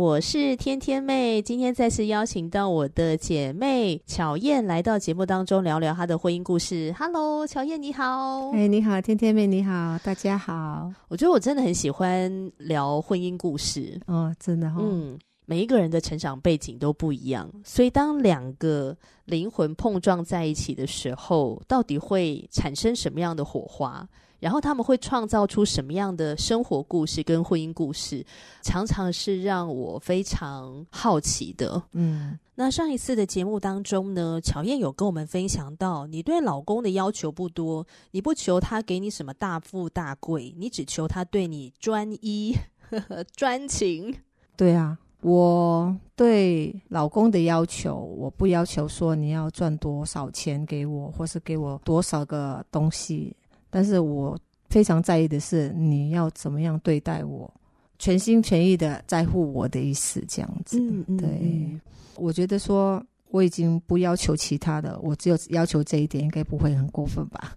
我是天天妹，今天再次邀請到我的姐妹巧燕來到節目當中聊聊她的婚姻故事。Hello，巧燕你好。哎、欸，你好，天天妹你好，大家好。我覺得我真的很喜歡聊婚姻故事哦，真的、哦、嗯，每一個人的成長背景都不一樣，所以當兩個靈魂碰撞在一起的時候，到底會產生什麼樣的火花？然後他們會創造出什麼樣的生活故事跟婚姻故事，常常是讓我非常好奇的。嗯，那上一次的節目當中呢，巧燕有跟我們分享到，你對老公的要求不多，你不求他給你什麼大富大貴，你只求他對你專一、呵呵專情。對啊，我對老公的要求，我不要求說你要賺多少錢給我，或是給我多少個東西。但是我非常在意的是，你要怎麼樣對待我，全心全意的在乎我的意思，這樣子。嗯嗯嗯。對，我覺得說我已經不要求其他的，我只有要求這一點，應該不會很過分吧？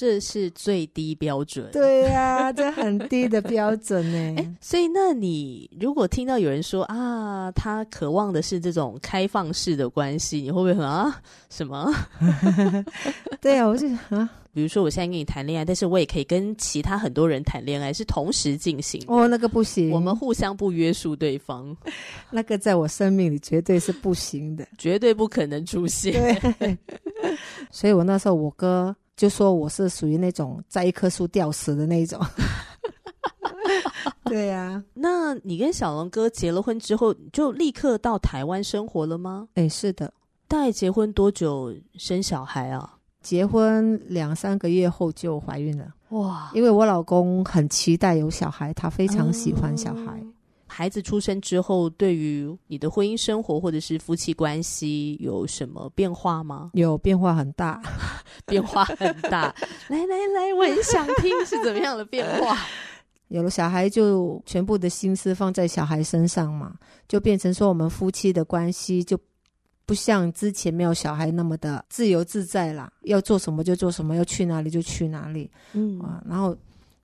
這是最低標準，對呀、啊，這很低的標準呢、欸 欸。所以，那你如果聽到有人說啊，他渴望的是這種開放式的關係，你會不會很啊？什麼？ 對啊，我是啊。比如說，我現在跟你談戀愛，但是我也可以跟其他很多人談戀愛，是同時進行。哦，那個不行，我們互相不約束對方， 那個在我生命裡絕對是不行的， 絕對不可能出現。 對，所以我那時候我哥。就說我是屬於那種在一棵樹吊死的那種 對、啊，對呀。那你跟小龍哥結了婚之後，就立刻到台灣生活了嗎？哎、欸，是的。大概結婚多久生小孩啊？結婚兩三個月後就懷孕了。哇！因為我老公很期待有小孩，他非常喜歡小孩。嗯孩子出生之後，對於你的婚姻生活或者是夫妻關係有什麼變化嗎？有變化很大，變化很大。 很大來來來，我很想聽是怎麼樣的變化。 有了小孩，就全部的心思放在小孩身上嘛，就變成說我們夫妻的關係就不像之前沒有小孩那麼的自由自在啦，要做什麼就做什麼，要去哪裡就去哪裡。嗯啊，然後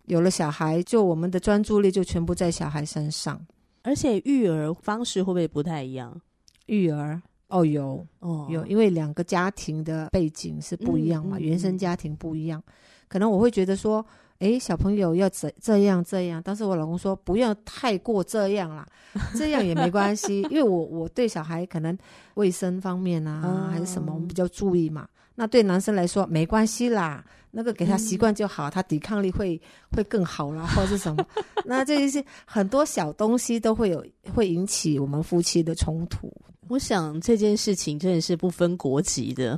有了小孩，就我們的專注力就全部在小孩身上。而且育兒方式會不會不太一樣？育兒哦，有哦有，因為兩個家庭的背景是不一樣嘛，嗯嗯、原生家庭不一樣，嗯、可能我會覺得說，誒、欸，小朋友要怎這樣這樣，但是我老公說不要太過這樣啦， 這樣也沒關係，因為我我對小孩可能衛生方面啊，嗯、還是什麼我們比較注意嘛，那對男生來說沒關係啦。那個給他習慣就好，嗯、他抵抗力會會更好啦，或是什麼？ 那這些很多小東西都會有，會引起我們夫妻的衝突。我想這件事情真的是不分國籍的，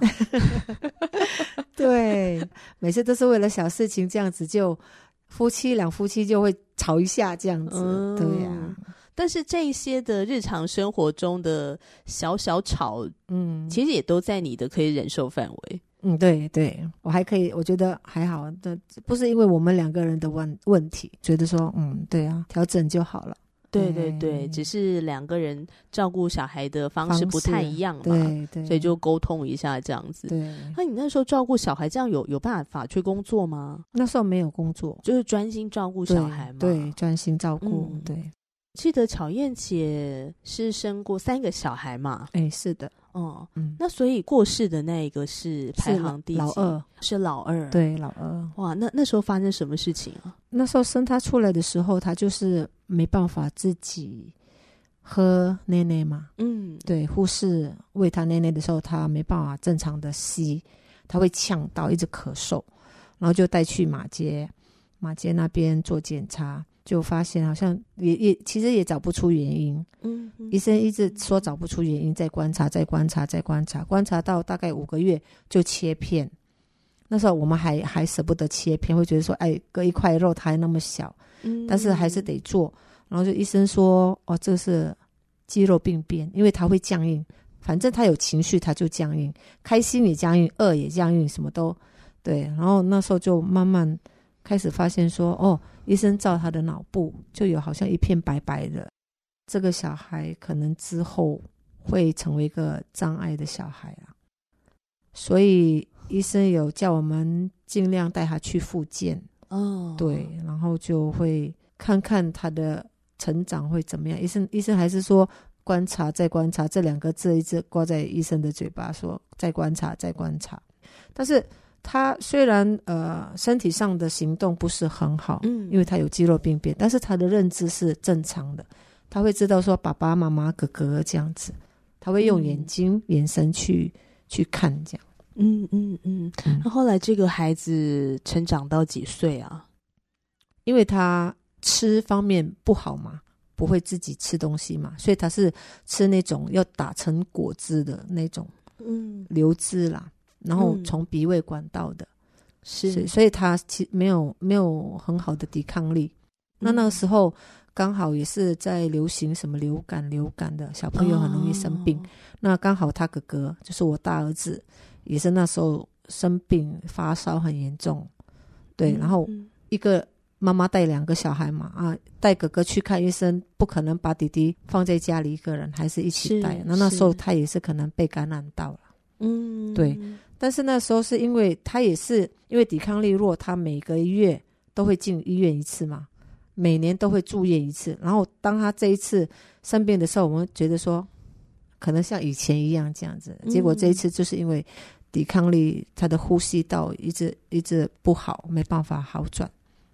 對，每次都是為了小事情這樣子，就夫妻兩夫妻就會吵一下這樣子，嗯、對呀、啊。但是這一些的日常生活中的小小吵，嗯，其實也都在你的可以忍受範圍。嗯，對對，我還可以，我覺得還好，這不是因為我們兩個人的問問題，覺得說，嗯，對啊，調整就好了。對對對，對對，嗯，只是兩個人照顧小孩的方式不太一樣嘛，對，對，所以就溝通一下這樣子。對，那你那時候照顧小孩，這樣有有辦法去工作嗎？那時候沒有工作，就是專心照顧小孩嘛，對，對，專心照顧，嗯，對。記得巧燕姐是生過三個小孩嘛？哎、欸，是的，哦，嗯，那所以過世的那一個是排行第一，老二是老二，對，老二。哇，那那時候發生什麼事情啊？那時候生他出來的時候，他就是沒辦法自己喝奶奶嘛。嗯，對，護士餵他奶奶的時候，他沒辦法正常的吸，他會嗆到，一直咳嗽，然後就帶去馬街，馬街那邊做檢查。就發現好像也也其實也找不出原因，嗯哼，醫生一直說找不出原因，再、嗯、哼觀察，再觀察，再觀察，觀察到大概五個月就切片。那時候我們還還捨不得切片，會覺得說，哎，割一塊肉它還那麼小，但是還是得做。嗯、哼然後就醫生說，哦，這是肌肉病變，因為它會僵硬，反正它有情緒它就僵硬，開心也僵硬，餓也僵硬，什麼都對。然後那時候就慢慢開始發現說，哦。醫生照他的腦部，就有好像一片白白的，這個小孩可能之後會成為一個障礙的小孩啊，所以醫生有叫我們盡量帶他去復健。哦，對，然後就會看看他的成長會怎麼樣。醫生，醫生還是說觀察，再觀察，這兩個字一直掛在醫生的嘴巴說，再觀察，再觀察，但是。他雖然呃身體上的行動不是很好，嗯，因為他有肌肉病變，嗯、但是他的認知是正常的，他會知道說爸爸媽媽、哥哥這樣子，他會用眼睛、嗯、眼神去去看這樣。嗯嗯嗯，嗯嗯嗯那後來這個孩子成長到幾歲啊？因為他吃方面不好嘛，不會自己吃東西嘛，所以他是吃那種要打成果汁的那種，嗯，流汁啦。嗯然後從鼻胃管道的，嗯、是，是，所以他其實沒有沒有很好的抵抗力。嗯、那那個時候剛好也是在流行什麼流感，流感的小朋友很容易生病。哦、那剛好他哥哥就是我大兒子，也是那時候生病發燒很嚴重，嗯、對。嗯、然後一個媽媽帶兩個小孩嘛，啊，帶哥哥去看醫生，不可能把弟弟放在家裡一個人，還是一起帶。是那那時候他也是可能被感染到了，是對嗯，對、嗯。但是那時候是因為他也是因為抵抗力弱，他每個月都會進醫院一次嘛，每年都會住院一次。然後當他這一次生病的時候，我們覺得說，可能像以前一樣這樣子。嗯、結果這一次就是因為抵抗力，他的呼吸道一直一直不好，沒辦法好轉。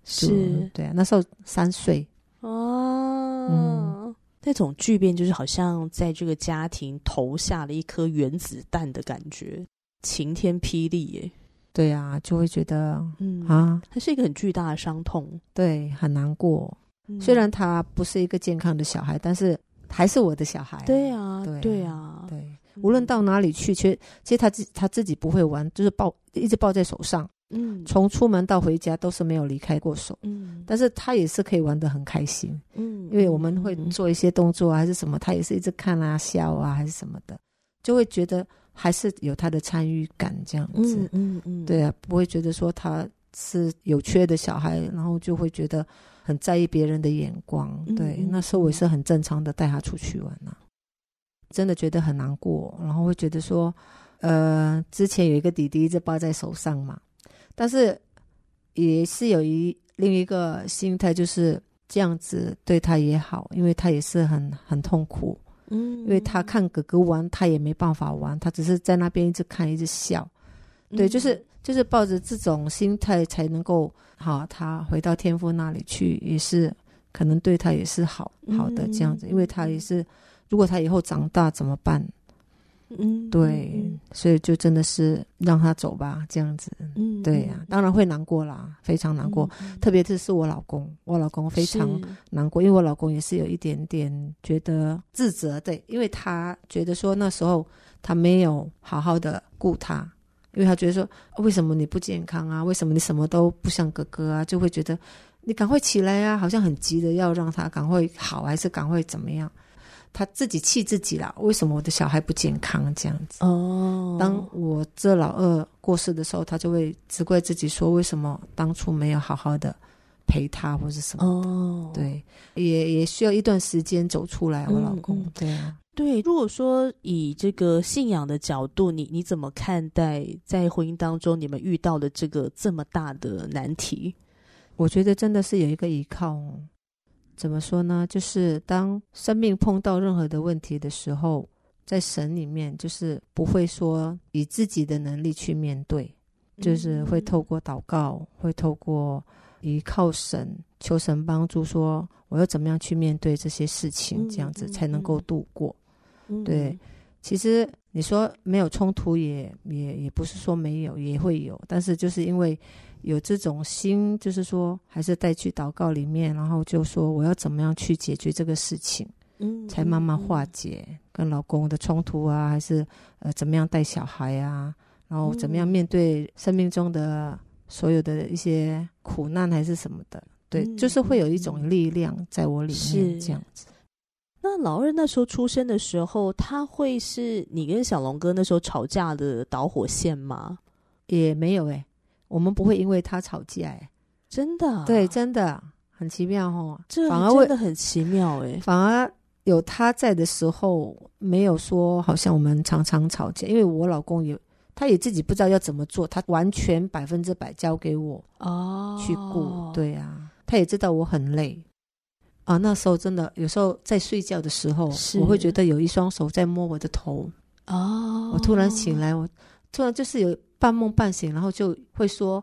是，嗯、對啊，那時候三歲哦，嗯、那種巨變就是好像在這個家庭投下了一顆原子彈的感覺。晴天霹靂耶！對啊，就會覺得，嗯啊，他是一個很巨大的傷痛，對，很難過。雖然他不是一個健康的小孩，但是還是我的小孩。對啊，對啊，對。無論到哪裡去，其實其實他自他自己不會玩，就是抱，一直抱在手上。嗯，從出門到回家都是沒有離開過手。嗯，但是他也是可以玩得很開心。嗯，因為我們會做一些動作啊，還是什麼，他也是一直看啊笑啊還是什麼的，就會覺得。還是有他的參與感這樣子，嗯嗯，嗯對啊，不會覺得說他是有缺的小孩，嗯、然後就會覺得很在意別人的眼光，嗯、對。嗯、那時候我也是很正常的帶他出去玩吶、啊。真的覺得很難過，然後會覺得說，呃，之前有一個弟弟一直抱在手上嘛，但是也是有一另一個心態就是這樣子對他也好，因為他也是很很痛苦。因為他看哥哥玩，他也沒辦法玩，他只是在那邊一直看，一直笑。對，就是就是抱着這種心態才能夠好。他回到天父那裡去也是，可能對他也是好好的這樣子，因為他也是，如果他以後長大怎麼辦？嗯，對，嗯、所以就真的是讓他走吧，這樣子。嗯，對呀、啊，嗯、當然會難過啦，嗯、非常難過，嗯、特別是是我老公，我老公非常難過，是因為我老公也是有一點點覺得自責，對，因為他覺得說那時候他沒有好好的顧他，因為他覺得說、哦、為什麼你不健康啊，為什麼你什麼都不像哥哥啊，就會覺得你趕快起來啊，好像很急的要讓他趕快好還是趕快怎麼樣。他自己氣自己啦。為什麼我的小孩不健康這樣子？哦，當我這老二過世的時候，他就會責怪自己，說為什麼當初沒有好好的陪他，或者什麼。哦，對，也也需要一段時間走出來。我老公，嗯嗯，對啊，對。如果說以這個信仰的角度，你你怎麼看待在婚姻當中你們遇到的這個這麼大的難題？我覺得真的是有一個依靠哦。怎麼說呢？就是當生命碰到任何的問題的時候，在神裡面就是不會說以自己的能力去面對，就是會透過禱告，會透過依靠神求神幫助說，說我要怎麼樣去面對這些事情，這樣子才能夠度過。對，其實你說沒有衝突也，也也也不是說沒有，也會有，但是就是因為。有這種心，就是說，還是帶去禱告裡面，然後就說我要怎麼樣去解決這個事情，嗯、才慢慢化解跟老公的衝突啊，嗯、還是呃怎麼樣帶小孩啊？然後怎麼樣面對生命中的所有的一些苦難還是什麼的，嗯、對，嗯、就是會有一種力量在我裡面這樣子。那老二那時候出生的時候，他會是你跟小龍哥那時候吵架的導火線嗎？也沒有哎、欸。我們不會因為他吵架，欸真的，真的，對，這真的很奇妙哦，欸。這反而真的很奇妙哎，反而有他在的時候，沒有說好像我們常常吵架。因為我老公也，他也自己不知道要怎麼做，他完全百分之百交給我去哦去顧。對啊，他也知道我很累啊。那時候真的有時候在睡覺的時候，是我會覺得有一雙手在摸我的頭哦。我突然醒來，我突然就是有。半夢半醒，然後就會說：“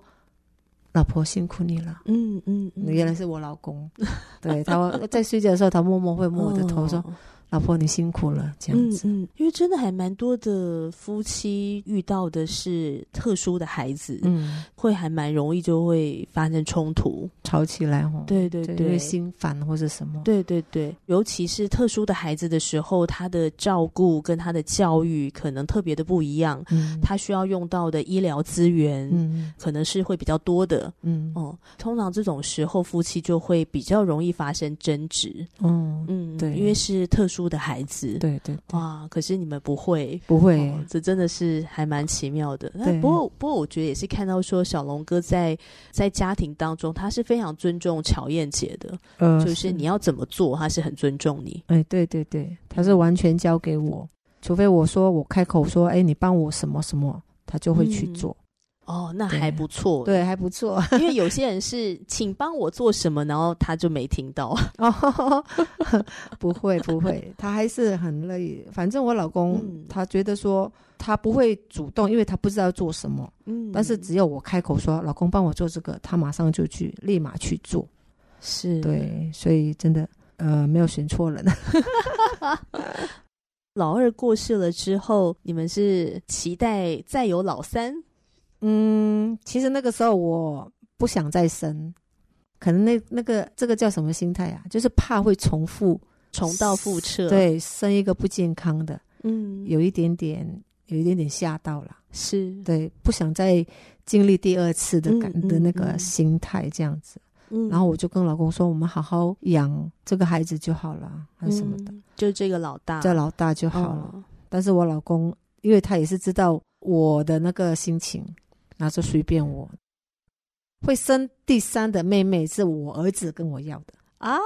老婆辛苦你了。”嗯嗯嗯，原來是我老公。 對，他在睡覺的時候，他默默會摸我的頭說。哦老婆，你辛苦了，這樣子，嗯，嗯，因為真的還蠻多的夫妻遇到的是特殊的孩子，嗯，會還蠻容易就會發生衝突，吵起來哦，對對對，因為心煩或者什麼，對，對對對，尤其是特殊的孩子的時候，他的照顧跟他的教育可能特別的不一樣，嗯，他需要用到的醫療資源，嗯，可能是會比較多的，嗯哦，通常這種時候夫妻就會比較容易發生爭執，嗯嗯，嗯對，因為是特殊。住的孩子，對，對對，哇！可是你們不會，不會，哦，這真的是還蠻奇妙的。對不過，不過，我覺得也是看到說，小龍哥在在家庭當中，他是非常尊重巧燕姐的。呃，就是你要怎麼做，他是很尊重你。哎、呃，對對對，他是完全交給我，除非我說我開口說，哎，你幫我什麼什麼，他就會去做。嗯哦，那還不錯，對，對，還不錯。因為有些人是請幫我做什麼， 然後他就沒聽到。哦呵呵，不會，不會，他還是很樂意。反正我老公、嗯、他覺得說他不會主動，嗯、因為他不知道做什麼。嗯，但是只要我開口說，老公幫我做這個，他馬上就去，立馬去做。是，對，所以真的呃，沒有選錯人。 老二過世了之後，你們是期待再有老三？嗯，其實那個時候我不想再生，可能那那個這個叫什麼心態啊？就是怕會重複重蹈覆轍，對，生一個不健康的，嗯，有一點點，有一點點嚇到了，是對，不想再經歷第二次的感、嗯、的那個心態這樣子。嗯嗯、然後我就跟老公說，我們好好養這個孩子就好了，還是什麼的，嗯、就這個老大，叫老大就好了。哦、但是我老公，因為他也是知道我的那個心情。他說：“隨便我，會生第三的妹妹是我兒子跟我要的啊。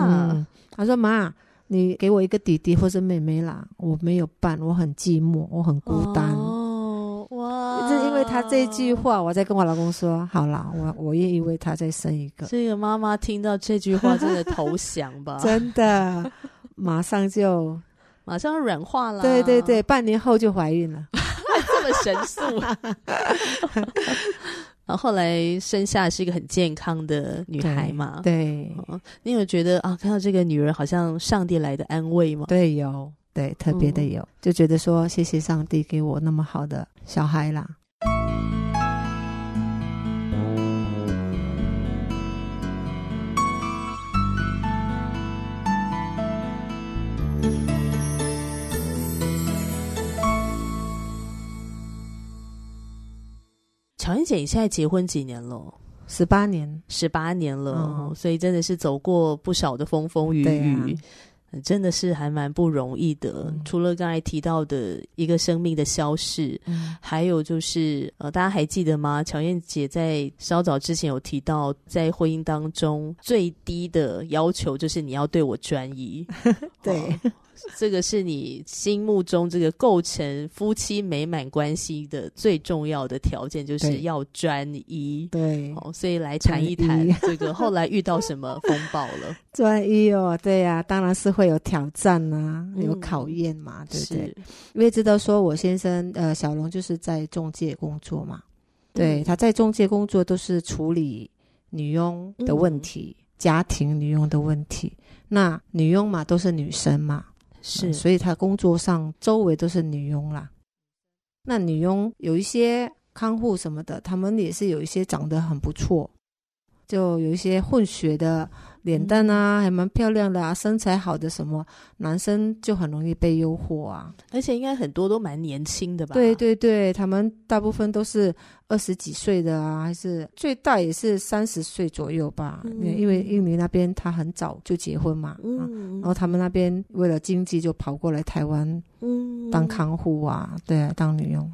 嗯”他說：“媽，你給我一個弟弟或者妹妹啦！我沒有伴，我很寂寞，我很孤單。”哦，哇！就因為他這句話，我在跟我老公說：“好了，我我願意為他再生一個。”這個媽媽聽到這句話，真的投降吧？ 真的，馬上就馬上軟化了。對對對，半年後就懷孕了。 神速啊！ 然後後來生下是一個很健康的女孩嘛？對，對、嗯。你有覺得啊，看到這個女人好像上帝來的安慰嗎？對，有，對，特別的有，嗯、就覺得說謝謝上帝給我那麼好的小孩啦。巧燕姐，你現在結婚幾年了？十八年，十八年了，嗯、所以真的是走過不少的風風雨雨，對啊、真的是還蠻不容易的。嗯、除了剛才提到的一個生命的消逝，嗯、還有就是、呃、大家還記得嗎？巧燕姐在稍早之前有提到，在婚姻當中最低的要求就是你要對我專一， 對。這個是你心目中這個構成夫妻美滿關係的最重要的條件，就是要專一。對，對、哦，所以來談一談這個後來遇到什麼風暴了？專一哦，對呀、啊，當然是會有挑戰啊，有考驗嘛，嗯、對不對？是因為知道說我先生呃，小龍就是在仲介工作嘛，嗯、對，他在仲介工作都是處理女傭的問題，嗯、家庭女傭的問題。那女傭嘛，都是女生嘛。是。嗯，所以他工作上周圍都是女傭啦。那女傭有一些看護什麼的，他們也是有一些長得很不錯，就有一些混血的。臉蛋啊，嗯、還蠻漂亮的啊，身材好的什麼，男生就很容易被誘惑啊。而且應該很多都蠻年輕的吧？對對對，他們大部分都是二十幾歲的啊，還是最大也是三十歲左右吧。嗯、因為印尼那邊他很早就結婚嘛，嗯啊，然後他們那邊為了經濟就跑過來台灣，當看護啊，嗯、對，當女傭。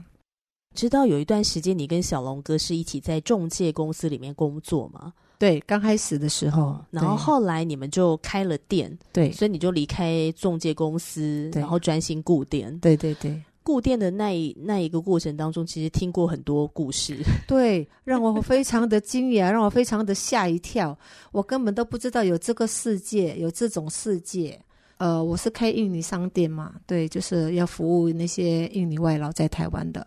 知道有一段時間你跟小龍哥是一起在仲介公司裡面工作嗎？對，剛開始的時候，然後後來你們就開了店，對，所以你就離開仲介公司，對然後專心顧店，對對對。顧店的那一那一個過程當中，其實聽過很多故事，對，讓我， 讓我非常的驚訝，讓我非常的嚇一跳，我根本都不知道有這個世界，有這種世界。呃，我是開印尼商店嘛，對，就是要服務那些印尼外勞在台灣的，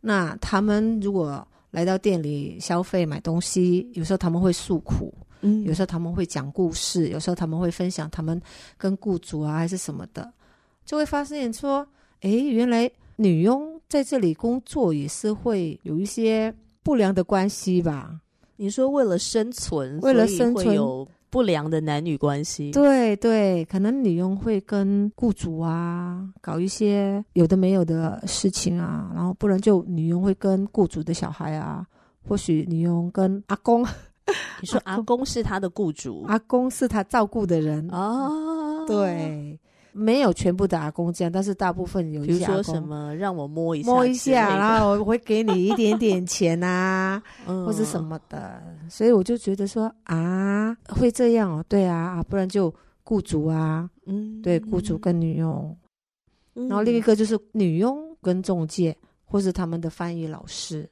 那他們如果。來到店裡消費買東西，有時候他們會訴苦，嗯，有時候他們會講故事，有時候他們會分享他們跟雇主啊還是什麼的，就會發現說，誒，原來女傭在這裡工作也是會有一些不良的關係吧？你說為了生存，為了生存。不良的男女關係，對對，可能女傭會跟雇主啊搞一些有的沒有的事情啊，然後不然就女傭會跟雇主的小孩啊，或許女傭跟阿公， 你說阿公是他的雇主，阿、 啊、公是他照顧的人啊，哦、對。沒有全部的阿公這樣，但是大部分有，比如說什麼讓我摸一下，那個，摸一下，然後 我會給你一點點錢啊， 嗯、或是什麼的，所以我就覺得說啊，會這樣哦，對啊啊，不然就雇主啊，嗯，對，嗯、雇主跟女傭，嗯、然後另一個就是女傭跟仲介，或是他們的翻譯老師，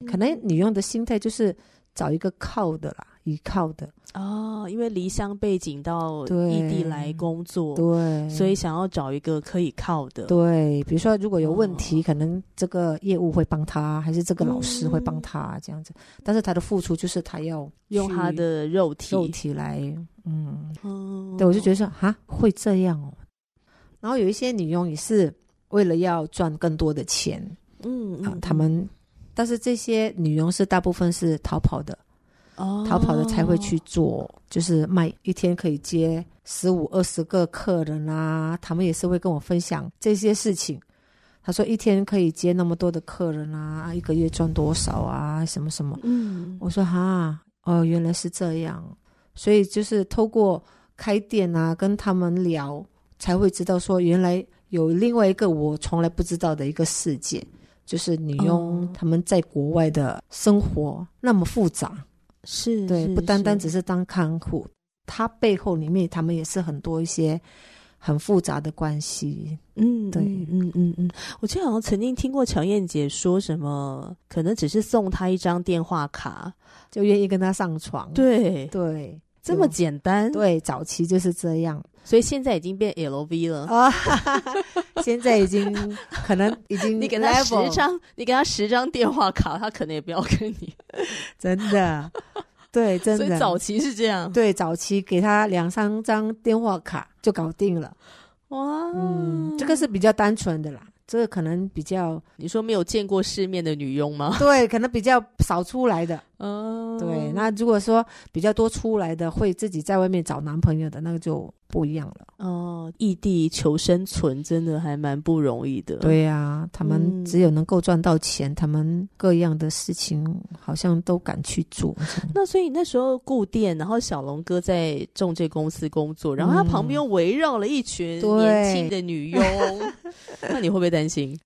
嗯、可能女傭的心態就是找一個靠的啦。依靠的哦，因為離鄉背井到異地來工作，對，對，所以想要找一個可以靠的，對。比如說，如果有問題，嗯、可能這個業務會幫他，還是這個老師會幫他、嗯、這樣子。但是他的付出就是他要用他的肉體肉體來，嗯，嗯，對，我就覺得說啊，會這樣哦。然後有一些女傭也是為了要賺更多的錢，嗯，啊，他、嗯、們，但是這些女傭是大部分是逃跑的。哦，逃跑的才會去做，哦、就是賣一天可以接十五二十個客人啊。他們也是會跟我分享這些事情。他說一天可以接那麼多的客人啊，一個月賺多少啊，什麼什麼。嗯，我說哈，哦、呃，原來是這樣。所以就是透過開店啊，跟他們聊，才會知道說原來有另外一個我從來不知道的一個世界，就是女傭他們在國外的生活那麼複雜。哦是對，是不單單只是當看護，他背後裡面他們也是很多一些很複雜的關係。嗯，對，嗯嗯嗯，我記得好像曾經聽過巧燕姐說什麼，可能只是送他一張電話卡，就願意跟他上床。對、嗯、對，對這麼有簡單。對，早期就是這樣。所以現在已經變 LV 了，啊、哦哈哈，現在已經 可能已經你給他十張， 你給他十張電話卡，他可能也不要跟你，真的，對，真的。所以早期是這樣，對，早期給他兩三張電話卡就搞定了，哇、嗯，這個是比較單純的啦，這個可能比較，你說沒有見過世面的女傭嗎？對，可能比較少出來的。哦，對，那如果說比較多出來的會自己在外面找男朋友的，那個就不一樣了。哦，異地求生存真的還蠻不容易的。對呀、啊，他們只有能夠賺到錢，嗯、他們各樣的事情好像都敢去做。那所以那時候顧店，然後小龍哥在仲介公司工作，然後他旁邊圍繞了一群、嗯、年輕的女傭。 那你會不會擔心？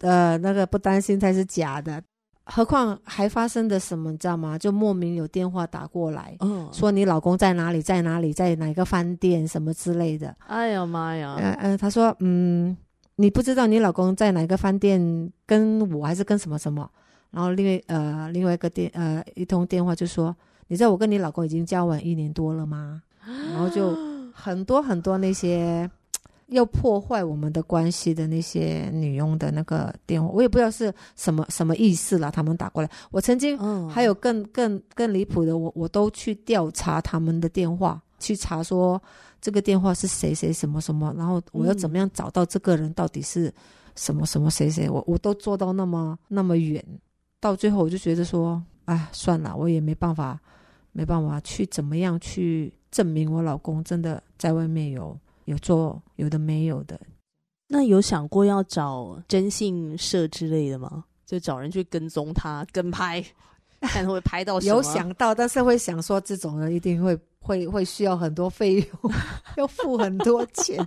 呃，那個不擔心才是假的。何況還發生的什麼，你知道嗎？就莫名有電話打過來，哦、說你老公在哪裡，在哪裡，在哪個飯店，什麼之類的。哎呀媽呀！嗯嗯、呃，他、呃、說，嗯，你不知道你老公在哪個飯店，跟我還是跟什麼什麼？然後另外呃另外一個電呃一通電話就說，你知道我跟你老公已經交往一年多了嗎？哎呀媽呀，然後就很多很多那些。要破壞我們的關係的那些女傭的那個電話，我也不知道是什麼什麼意思啦。他們打過來，我曾經還有更更更離譜的，我我都去調查他們的電話，去查說這個電話是誰誰什麼什麼，然後我要怎麼樣找到這個人到底是什麼什麼誰誰，嗯、我我都做到那麼那麼遠，到最後我就覺得說，哎，算了，我也沒辦法，沒辦法去怎麼樣去證明我老公真的在外面有。有做有的沒有的，那有想過要找徵信社之類的嗎？就找人去跟蹤他跟拍， 看會拍到什麼？有想到，但是會想說，這種人一定會會會需要很多費用，要 付很多錢。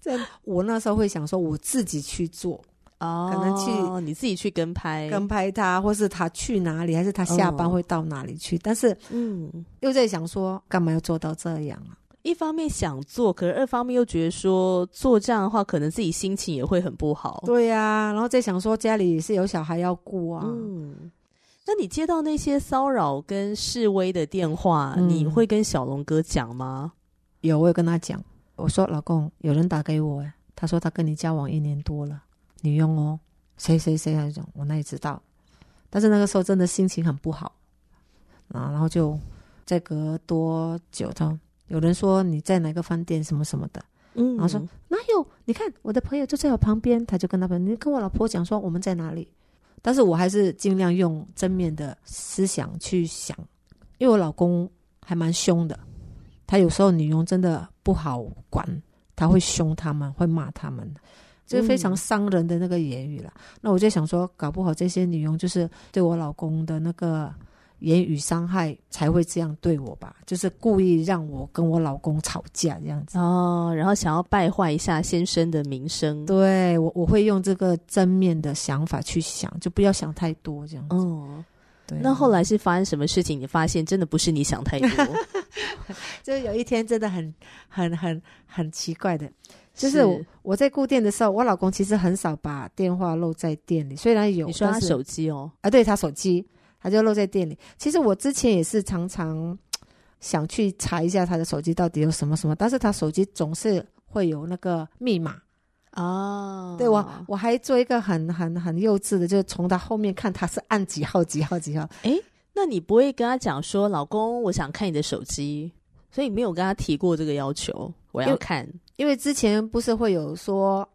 在我那時候會想說，我自己去做，oh, 可能去你自己去跟拍，跟拍他，或是他去哪裡，還是他下班會到哪裡去？Oh. 但是，嗯，又在想說，幹嘛要做到這樣啊？一方面想做，可是二方面又覺得說做這樣的話，可能自己心情也會很不好。對呀，啊，然後再想說家裡是有小孩要顧啊。嗯，那你接到那些騷擾跟示威的電話，嗯、你會跟小龍哥講嗎？有，我有跟他講。我說老公，有人打給我，他說他跟你交往一年多了，女傭哦，誰誰誰，那講我哪裡知道。但是那個時候真的心情很不好，啊、然後就再隔多久他。有人說你在哪個飯店什麼什麼的，嗯，嗯，然後說哪有？你看我的朋友就在我旁邊，他就跟他朋友，你跟我老婆講說我們在哪裡。但是我還是盡量用正面的思想去想，因為我老公還蠻凶的，他有時候女傭真的不好管，他會凶他們、嗯、會罵他們，就是非常傷人的那個言語了。嗯、那我就想說，搞不好這些女傭就是對我老公的那個。言語傷害才會這樣對我吧？就是故意讓我跟我老公吵架這樣子哦，然後想要敗壞一下先生的名聲。對我，我會用這個正面的想法去想，就不要想太多這樣哦。啊、那後來是發生什麼事情？你發現真的不是你想太多。 就是有一天，真的很、很、很、很奇怪的，就是我在顧店的時候，我老公其實很少把電話漏在店裡，雖然有，你說他手機哦？啊對，對他手機。他就落在店裡。其實我之前也是常常想去查一下他的手機到底有什麼什麼，但是他手機總是會有那個密碼哦。對，我，我還做一個很很很幼稚的，就是從他後面看他是按幾號幾號幾號。哎、欸，那你不會跟他講說老公，我想看你的手機，所以沒有跟他提過這個要求，我要看，因為，因為之前不是會有說。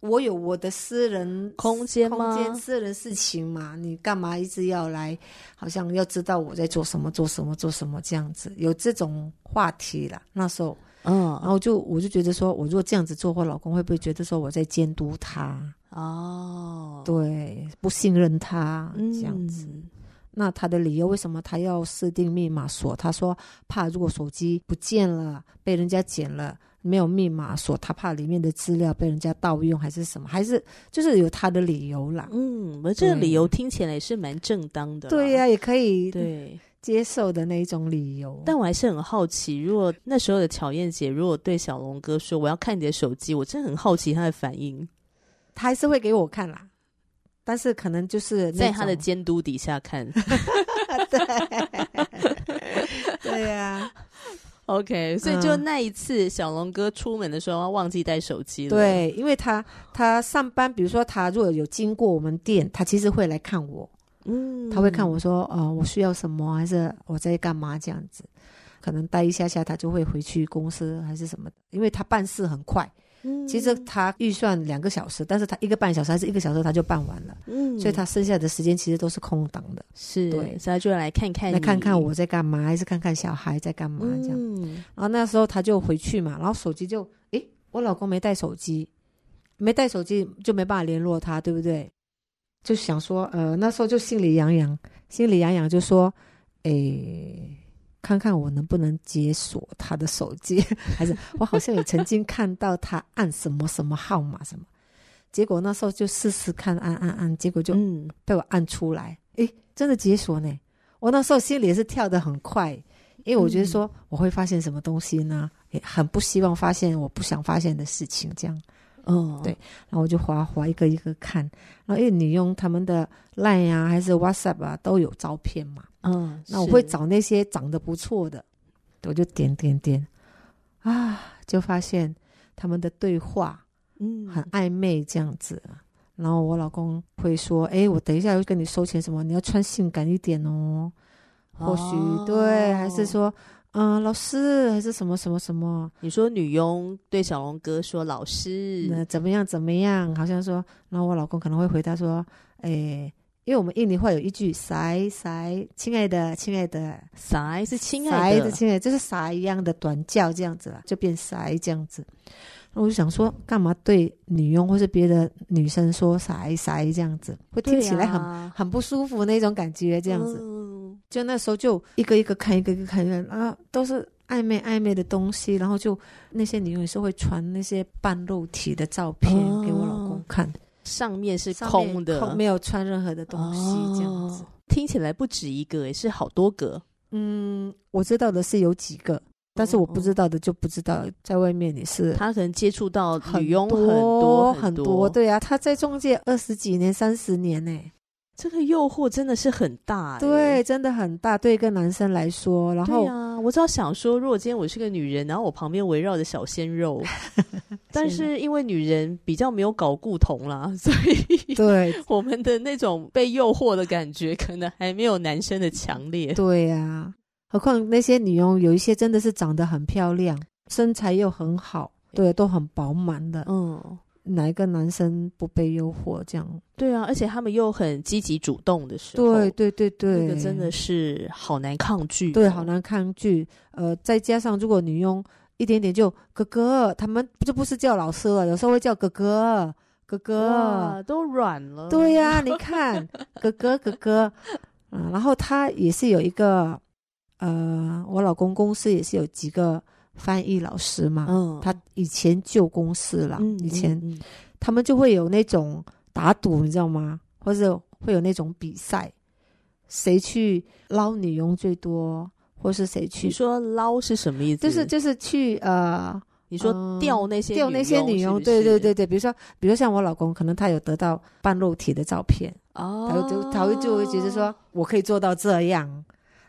我有我的私人空間嗎，空間？私人事情嘛，你幹嘛一直要來？好像要知道我在做什麼、做什麼、做什麼這樣子，有這種話題了。那時候，嗯，然後就我就覺得說，我如果這樣子做，我老公會不會覺得說我在監督他？哦，對，不信任他這樣子。嗯，那他的理由為什麼他要設定密碼鎖？他說怕如果手機不見了，被人家撿了。沒有密碼鎖，他怕裡面的資料被人家盜用，還是什麼？還是就是有他的理由啦。嗯，那對這個理由聽起來也是蠻正當的。對呀、啊，也可以對接受的那種理由。但我還是很好奇，如果那時候的巧燕姐如果對小龍哥說：“我要看你的手機”，我真的很好奇他的反應。他還是會給我看啦，但是可能就是在他的監督底下看。 對， 對呀、啊。OK，所以就那一次，小龍哥出門的時候、嗯、忘記帶手機了。對，因為他他上班，比如說他如果有經過我們店，他其實會來看我。嗯，他會看我說：“呃，我需要什麼，還是我在幹嘛？”這樣子，可能待一下下，他就會回去公司還是什麼，因為他辦事很快。其實他預算兩個小時，但是他一個半小時還是一個小時他就辦完了，嗯、所以他剩下的時間其實都是空檔的，是對，所以就來看看，來看看我在幹嘛，還是看看小孩在幹嘛、嗯、這樣。然後那時候他就回去嘛，然後手機就，哎，我老公沒帶手機，沒帶手機就沒辦法聯絡他，對不對？就想說，呃，那時候就心裡癢癢，心裡癢癢就說，哎。看看我能不能解鎖他的手機，還是我好像也曾經看到他按什麼什麼號碼什麼， 結果那時候就試試看按按按，結果就被我按出來，嗯、誒，真的解鎖呢。我那時候心裡也是跳得很快，因為我覺得說我會發現什麼東西呢？嗯、很不希望發現我不想發現的事情，這樣。嗯，對，然後我就滑滑一個一個看，然後因為，你用他們的 Line 啊還是 WhatsApp 啊，都有照片嘛。嗯，那我會找那些長得不錯的，是我就點點點啊，就發現他們的對話，嗯，很曖昧這樣子。嗯、然後我老公會說：“哎，我等一下要跟你收錢什麼，你要穿性感一點哦。”或許、哦、對，還是說。啊、嗯，老師還是什麼什麼什麼？你說女傭對小龍哥說老師，那、嗯、怎麼樣怎麼樣？好像說，那我老公可能會回答說，哎、欸，因為我們印尼話有一句“塞塞”，親愛的，親愛的，塞是親愛的，親愛的，就是“塞”一樣的短叫，這樣子啦，就變“塞”這樣子。那我就想說，幹嘛對女傭或是別的女生說塞“塞塞”這樣子，會聽起來很、啊、很不舒服那種感覺，這樣子。嗯就那時候，就一個一個看，一個一個看一個，啊，都是曖昧曖昧的東西。然後就那些女人是會傳那些半露體的照片給我老公看，哦、上面是空的，空沒有穿任何的東西，哦、這樣子。聽起來不止一個，也是好多個。嗯，我知道的是有幾個，但是我不知道的就不知道。哦哦，在外面你是他可能接觸到女傭很多很多，很多對呀、啊，他在仲介二十幾年、三十年呢、欸。這個誘惑真的是很大，欸，對，真的很大，對一個男生來說。然後，對啊，我只要想說，如果今天我是個女人，然後我旁邊圍繞着小鮮肉， 鮮肉，但是因為女人比較沒有搞固同啦，所以對 我們的那種被誘惑的感覺，可能還沒有男生的強烈。對呀，啊，何況那些女傭有一些真的是長得很漂亮，身材又很好，對，對，都很飽滿的，嗯。哪一個男生不被誘惑？這樣對啊，而且他們又很積極主動的時候，對對對對，那個真的是好難抗拒，對，好難抗拒。呃，再加上如果女傭一點一點就哥哥，他們就不是叫老師了，有時候會叫哥哥哥哥，都軟了。對呀，啊，你看 哥哥哥哥，呃，然後他也是有一個，呃，我老公公司也是有幾個。翻譯老師嘛，嗯、他以前舊公司了，嗯、以前他們就會有那種打賭，你知道嗎？或者會有那種比賽，誰去撈女傭最多，或是誰去？你說撈是什麼意思？就是就是去呃，你說釣那些釣那些女傭，對對對對。比如說，比如像我老公，可能他有得到半裸體的照片，哦，他就他會就會覺得說，我可以做到這樣。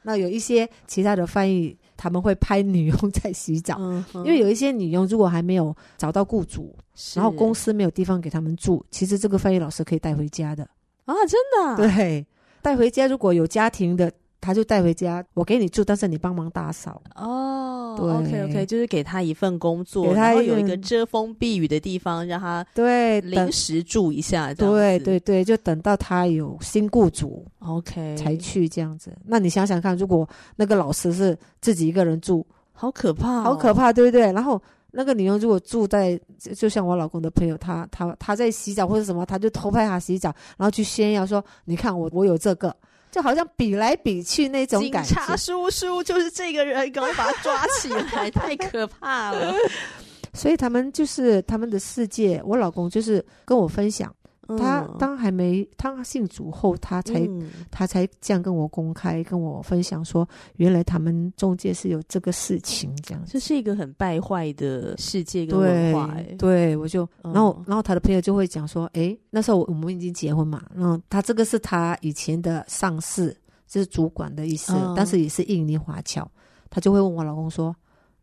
那有一些其他的翻譯。他們會拍女傭在洗澡，嗯嗯、因為有一些女傭如果還沒有找到雇主，是然後公司沒有地方給他們住，其實這個翻譯老師可以帶回家的，嗯、啊，真的，啊，對，帶回家如果有家庭的。他就帶回家，我給你住，但是你幫忙打掃哦。Oh, 對，OK，OK，okay okay, 就是給他一份工作，給他有一個遮風避雨的地方，讓他對臨時住一下對。對，對，對，就等到他有新雇主，OK 才去這樣子。Okay。那你想想看，如果那個老師是自己一個人住，好可怕哦，好可怕，對不對？然後那個女傭如果住在，就像我老公的朋友，他他他在洗澡或者什麼，他就偷拍他洗澡，然後去炫耀說：“你看我，我有這個。”就好像比來比去那種感覺，警察叔叔就是這個人，趕快把他抓起來， 太可怕了。 所以他們就是他們的世界，我老公就是跟我分享。嗯、他當還沒他信主後，他才、嗯、他才這樣跟我公開跟我分享說，原來他們中介是有這個事情這樣子。這是一個很敗壞的世界跟文化，欸對。對，我就、嗯、然後然後他的朋友就會講說，哎、欸，那時候我們已經結婚嘛，然後他這個是他以前的上司，這、就是主管的意思，嗯、但是也是印尼華僑，他就會問我老公說，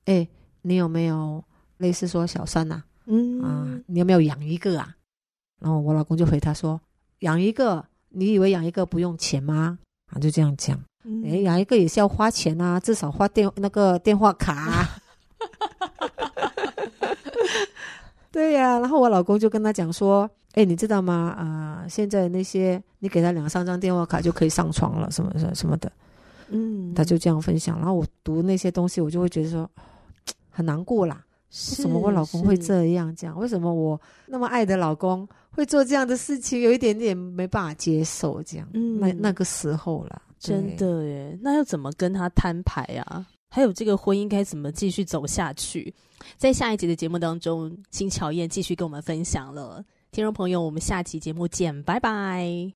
哎、欸，你有沒有類似說小三吶、啊？嗯啊，你有沒有養一個啊？然後我老公就回他說：“養一個，你以為養一個不用錢嗎？啊，就這樣講，哎、嗯，養一個也是要花錢啊，至少花電那個電話卡。” 對呀、啊，然後我老公就跟他講說：“哎，你知道嗎？啊、呃，現在那些你給他兩三張電話卡就可以上床了，什麼什麼什麼的。”嗯，他就這樣分享。然後我讀那些東西，我就會覺得說很難過啦。為什麼我老公會這樣講這樣？為什麼我那麼愛的老公會做這樣的事情？有一點點沒辦法接受，這樣，嗯、那那個時候啦，真的耶。那要怎麼跟他攤牌啊？還有這個婚姻該怎麼繼續走下去？在下一集的節目當中，請巧燕繼續跟我們分享了。聽眾朋友，我們下期節目見，拜拜。